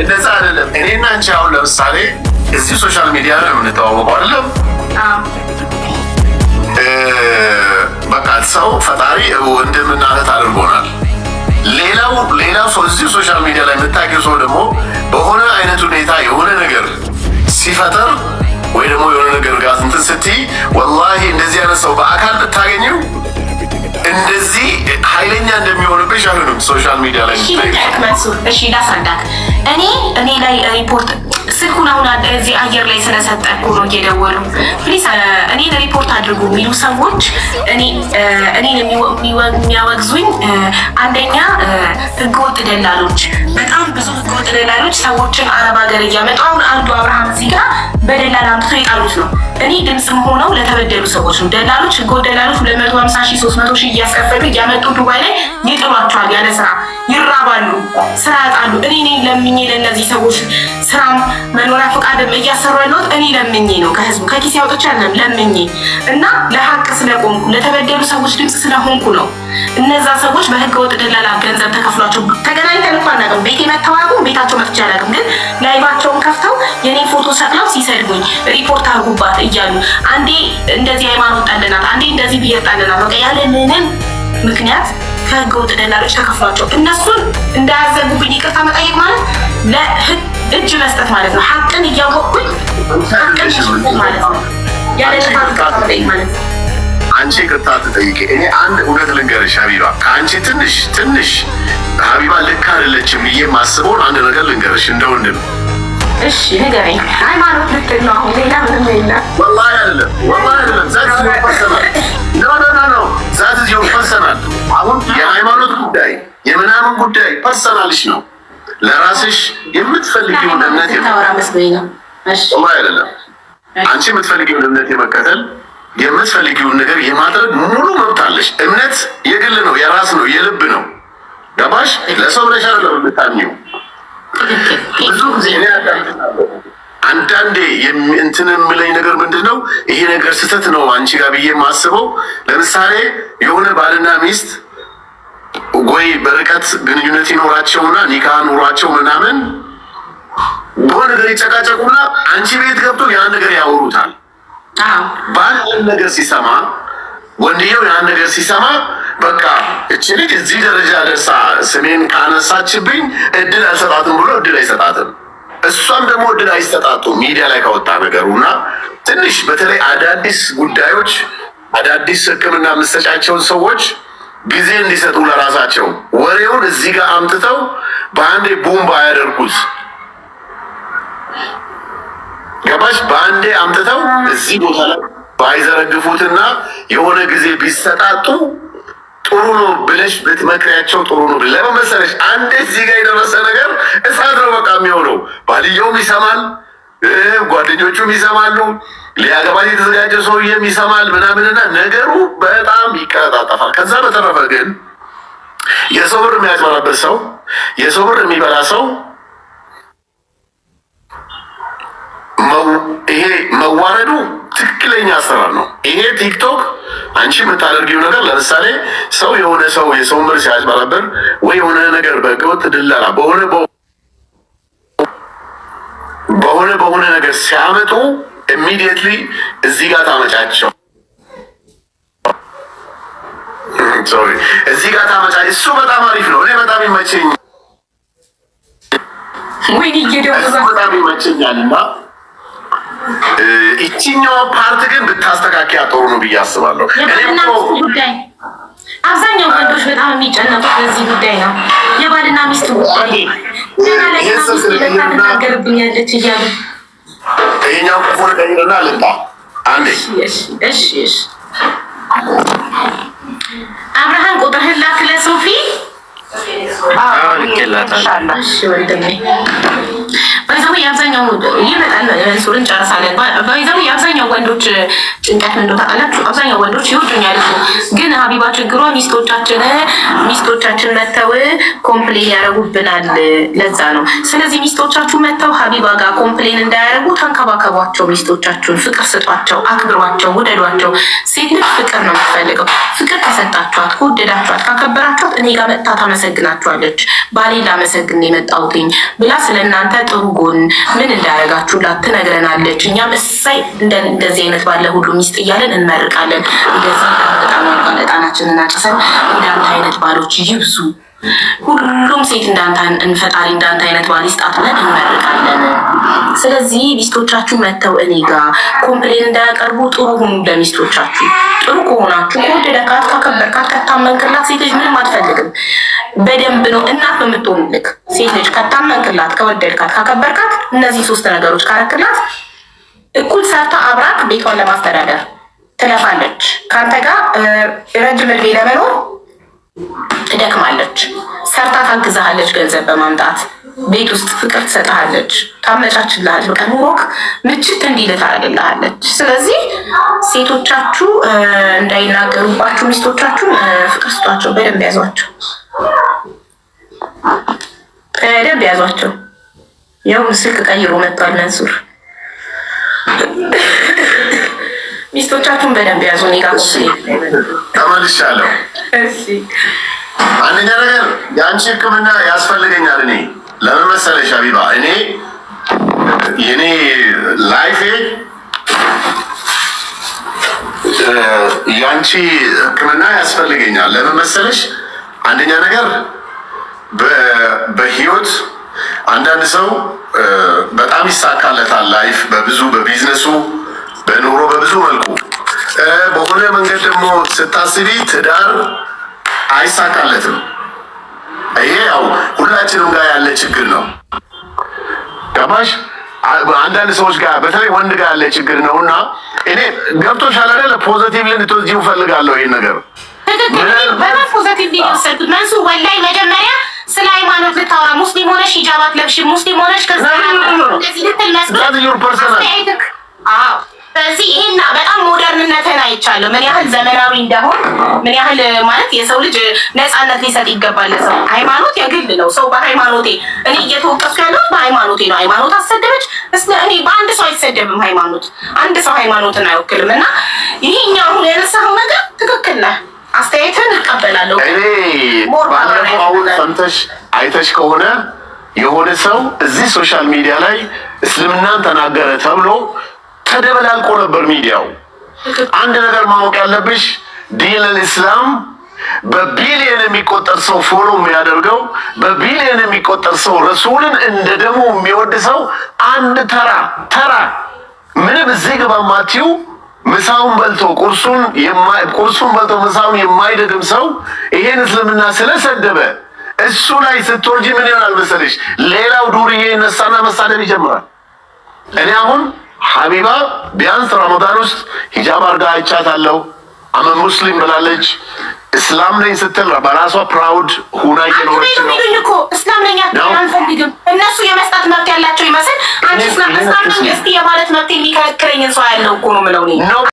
እንደዛ አይደለም። እኔና አንቺ አሁን ለምሳሌ እዚህ ሶሻል ሚዲያ ላይ የምንተዋወቀው አይደለም። በቃ ሰው ፈጣሪ ወንድምና እህት አድርጎናል። ሌላው ሌላው ሰው እዚህ ሶሻል ሚዲያ ላይ የምታውቂው ሰው ደግሞ በሆነ አይነት ሁኔታ የሆነ ነገር ሲፈጠር ወይ ደግሞ የሆነ ነገር ጋር እንትን ስትይ ወላሂ እንደዚህ አይነት ሰው በአካል ብታገኘው እንደዚህ ኃይለኛ እንደሚሆንብሽ አይሆንም። ሶሻል ሚዲያ ላይ እሺ፣ ላሳዳክ እኔ እኔ ላይ ሪፖርት ስልኩን አሁን እዚህ አየር ላይ ስለሰጠኩ ነው እየደወሉ ፕሊስ፣ እኔን ሪፖርት አድርጉ የሚሉ ሰዎች እኔን የሚያወግዙኝ አንደኛ ህገወጥ ደላሎች ደላሎች ሰዎችን አረብ ሀገር እያመጡ አሁን አንዱ አብርሃም እዚህ ጋር በደላል አምጥቶ የጣሉት ነው። እኔ ድምፅ መሆነው ለተበደሉ ሰዎች ነው። ደላሎች፣ ህገወጥ ደላሎች ሁለት መቶ ሀምሳ ሺህ ሶስት መቶ ሺህ እያስከፈሉ እያመጡ ዱባይ ላይ ይጥሏቸዋል። ያለ ስራ ይራባሉ፣ ስራ ያጣሉ። እኔ እኔ ለምኜ ለእነዚህ ሰዎች ስራም መኖሪያ ፈቃድም እያሰሩ ያለሁት እኔ ለምኜ ነው። ከህዝቡ ከኪሴ አውጥቼ አይደለም ለምኜ እና ለሀቅ ስለቆምኩ ለተበደሉ ሰዎች ድምፅ ስለሆንኩ ነው። እነዛ ሰዎች በህገ ወጥ ደላላ ገንዘብ ተከፍሏቸው ተገናኝተን እንኳን አናውቅም። ቤቴ መተው ቤታቸው መጥቼ አላውቅም። ግን ላይቫቸውን ከፍተው የኔ ፎቶ ሰቅለው ሲሰድቡኝ ሪፖርት አርጉባት እያሉ አንዴ እንደዚህ ሃይማኖት ጣለናት፣ አንዴ እንደዚህ ብሄር ጣለናት፣ በቃ ያለ ምክንያት ከህገ ወጥ ደላሎች ተከፍሏቸው እነሱን እንዳያዘጉብኝ ይቅርታ መጠየቅ ማለት ለህግ እጅ መስጠት ማለት ነው። ሀቅን እያወቅኩኝ ሀቅን ማለት ነው። ያለ ማለት ነው አንቺ ይቅርታ ትጠይቂ። እኔ አንድ እውነት ልንገርሽ ሀቢባ፣ ከአንቺ ትንሽ ትንሽ ሀቢባ ልክ አይደለችም ብዬ ማስበውን አንድ ነገር ልንገርሽ እንደ ወንድም። እሺ ንገረኝ። ሃይማኖት ልትል ነው አሁን? ሌላ ምንም የለም። ወላሂ አይደለም፣ ወላሂ አይደለም። ዛት ዚ ይፈሰናል። ኖ ኖ ኖ ኖ፣ ዛት ዚ ይፈሰናል። አሁን የሃይማኖት ጉዳይ የምናምን ጉዳይ ፐርሰናልሽ ነው። ለራስሽ የምትፈልጊውን እምነት ወላሂ አይደለም። አንቺ የምትፈልጊውን እምነት የመከተል የምትፈልጊውን ነገር የማድረግ ሙሉ መብት አለሽ። እምነት የግል ነው፣ የራስ ነው፣ የልብ ነው። ገባሽ? ለሰው ብለሽ ለምታምኘው ብዙ ጊዜ አንዳንዴ እንትን የምለኝ ነገር ምንድን ነው፣ ይሄ ነገር ስህተት ነው አንቺ ጋር ብዬ የማስበው ለምሳሌ የሆነ ባልና ሚስት ወይ በርቀት ግንኙነት ይኖራቸውና ኒካ ኑሯቸው ምናምን በሆነ ነገር ይጨቃጨቁና አንቺ ቤት ገብቶ ያ ነገር ያወሩታል። በአንድ ነገር ሲሰማ ወንድየው ያን ነገር ሲሰማ በቃ እች ልጅ እዚህ ደረጃ ደርሳ ስሜን ካነሳችብኝ እድል አልሰጣትም ብሎ እድል አይሰጣትም። እሷም ደግሞ እድል አይሰጣቱ ሚዲያ ላይ ካወጣ ነገሩ እና ትንሽ በተለይ አዳዲስ ጉዳዮች አዳዲስ ሕክምና መሰጫቸውን ሰዎች ጊዜ እንዲሰጡ ለራሳቸው ወሬውን እዚህ ጋር አምጥተው በአንዴ ቡምባ ያደርጉት ገባሽ? በአንዴ አምጥተው እዚህ ቦታ ላይ ባይዘረግፉትና የሆነ ጊዜ ቢሰጣጡ ጥሩ ነው ብለሽ ብትመክሪያቸው ጥሩ ነው። ለምን መሰለሽ? አንዴ እዚህ ጋር የደረሰ ነገር እሳት ነው በቃ የሚሆነው። ባልየውም ይሰማል፣ ጓደኞቹም ይሰማሉ፣ ሊያገባት የተዘጋጀ ሰውዬም ይሰማል ምናምንና ነገሩ በጣም ይቀጣጠፋል። ከዛ በተረፈ ግን የሰው ብር የሚያጭበረብር ሰው፣ የሰው ብር የሚበላ ሰው ይሄ መዋረዱ ትክክለኛ አሰራር ነው። ይሄ ቲክቶክ አንቺ የምታደርጊው ነገር ለምሳሌ ሰው የሆነ ሰው የሰው ብር ሲያጭበረብር ወይ የሆነ ነገር በህገወጥ ድላላ በሆነ በሆነ በሆነ ነገር ሲያመጡ ኢሚዲየትሊ እዚህ ጋር ታመጫቸው እዚህ ጋር ታመጫ። እሱ በጣም አሪፍ ነው። እኔ በጣም ይመቸኝ፣ በጣም ይመቸኛል እና ይችኛውን ፓርት ግን ብታስተካከያ ጥሩ ነው ብዬ አስባለሁ። አብዛኛው ወንዶች በጣም የሚጨነቁት በዚህ ጉዳይ ነው። የባልና ሚስት ጉዳይ እያሉ ይሄኛው ክፉ ልቀይርና ልጣ አንዴ አብርሃም ቁጥርህን ላክ ለሶፊ ላታል ባይዘው የአብዛኛው ይመጣል። ሱርን ጨርሳለን። ባይዘው የአብዛኛው ወንዶች ጭንቀት እንደው ታውቃላችሁ፣ አብዛኛው ወንዶች ይወዱኛል። ግን ሀቢባ ችግሯ ሚስቶቻችን ሚስቶቻችን መተው ኮምፕሌን ያደረጉብናል። ለዛ ነው። ስለዚህ ሚስቶቻችሁ መተው ሀቢባ ጋር ኮምፕሌን እንዳያደርጉ ተንከባከቧቸው። ሚስቶቻችሁን ፍቅር ስጧቸው፣ አክብሯቸው፣ ውደዷቸው። ሴት ልጅ ፍቅር ነው የምትፈልገው። ፍቅር ከሰጣችኋት፣ ከወደዳችኋት፣ ካከበራችኋት እኔ ጋር መጥታ ታመሰግናችኋለች። ባሌ ላመሰግን የመጣውትኝ ብላ ስለእናንተ ጥሩ ጎን ምን እንዳደረጋችሁላት ላትነግረናለች። እኛም እሳይ እንደዚህ አይነት ባለ ሁሉ ሚስት እያለን እንመርቃለን። እንደዚህ በጣም እጣናችን እናጨሰን። እንዳንተ አይነት ባሎች ይብዙ፣ ሁሉም ሴት እንዳንተ እንፈጣሪ እንዳንተ አይነት ባል ይስጣት ብለን እንመርቃለን። ስለዚህ ሚስቶቻችሁ መጥተው እኔ ጋር ኮምፕሌን እንዳያቀርቡ ጥሩ ሁኑ ለሚስቶቻችሁ። ጥሩ ከሆናችሁ ከወደደካት፣ ካከበርካት፣ ከታመንክላት ሴት ልጅ ምንም አትፈልግም። በደንብ ነው እናት በምትሆንልክ ሴት ልጅ ከታመንክላት፣ ከወደድካት፣ ካከበርካት እነዚህ ሶስት ነገሮች ካረክላት እኩል ሰርታ አብራክ ቤቷን ለማስተዳደር ትለፋለች። ከአንተ ጋር ረጅም እድሜ ለመኖር ትደክማለች። ሰርታ ታግዛሃለች፣ ገንዘብ በማምጣት ቤት ውስጥ ፍቅር ትሰጥሃለች፣ ታመቻችልሃለች። በቃ ኑሮክ ምችት እንዲል ታደርግልሃለች። ስለዚህ ሴቶቻችሁ እንዳይናገሩባችሁ ሚስቶቻችሁ ፍቅር ስጧቸው፣ በደንብ ያዟቸው። በደንብ ያዟቸው። ያው ስልክ ቀይሮ መጥቷል መንሱር። ሚስቶቻችሁን በደንብ ያዙ። እኔ ጋር ተመልሻለሁ። አንደኛ ነገር የአንቺ ሕክምና ያስፈልገኛል። እኔ ለምን መሰለሽ አቢባ እኔ የኔ ላይፌ የአንቺ ሕክምና ያስፈልገኛል። ለምን መሰለሽ አንደኛ ነገር በህይወት አንዳንድ ሰው በጣም ይሳካለታል ላይፍ በብዙ በቢዝነሱ በኑሮ በብዙ መልኩ በሆነ መንገድ ደግሞ ስታስቢ ትዳር አይሳካለትም። ይሄ ያው ሁላችንም ጋር ያለ ችግር ነው። ገባሽ? አንዳንድ ሰዎች ጋር በተለይ ወንድ ጋር ያለ ችግር ነው እና እኔ ገብቶሻል አይደለ? ፖዘቲቭ ልንትወዚሁ እፈልጋለሁ ይህን ነገር በጣም ፖዘቲቭ መንሱ ወላሂ መጀመሪያ ስለ ሃይማኖት ልታወራ ሙስሊም ሆነሽ ሂጃባት ለብሽ ሙስሊም ሆነሽ ከዛ ይሄና በጣም ሞደርንነትን አይቻለሁ። ምን ያህል ዘመናዊ እንደሆን ምን ያህል ማለት የሰው ልጅ ነፃነት ሊሰጥ ይገባል ለሰው። ሃይማኖት የግል ነው። ሰው በሃይማኖቴ እኔ እየተወቀስኩ ያለሁት በሃይማኖቴ ነው። ሃይማኖት አሰደበች እስ እኔ በአንድ ሰው አይሰደብም። ሃይማኖት አንድ ሰው ሃይማኖትን አይወክልም። እና ይሄኛው አሁን ያነሳኸው ነገር ትክክል ነህ። አስተያየትን እቀበላለሁ። እኔ ባለፈው አሁን ሰምተሽ አይተሽ ከሆነ የሆነ ሰው እዚህ ሶሻል ሚዲያ ላይ እስልምናን ተናገረ ተብሎ ተደበላልቆ ነበር ሚዲያው። አንድ ነገር ማወቅ ያለብሽ ዲነል ኢስላም በቢሊየን የሚቆጠር ሰው ፎሎ የሚያደርገው በቢሊየን የሚቆጠር ሰው ረሱልን እንደ ደሙ የሚወድ ሰው አንድ ተራ ተራ ምንም እዚህ ግባ ማቲው ምሳውን በልቶ ቁርሱን ቁርሱን በልቶ ምሳውን የማይደግም ሰው ይሄን እስልምና ስለሰደበ እሱ ላይ ስትወርጂ ምን ይሆናል መሰለሽ? ሌላው ዱርዬ ይነሳና መሳደብ ይጀምራል። እኔ አሁን ሀቢባ ቢያንስ ረመዳን ውስጥ ሂጃብ አርጋ አይቻታለሁ። አመ ሙስሊም ብላለች። እስላም ነኝ ስትል በራሷ ፕራውድ ሁና እየኖረች ነው። እስላም ነኝ አንፈልግም። እነሱ የመስጠት መብት ያላቸው ይመስል አንቺ እስላም ነኝ እስቲ የማለት መብት የሚከለክለኝ ሰው ያለው እኮ ነው ምለው ነው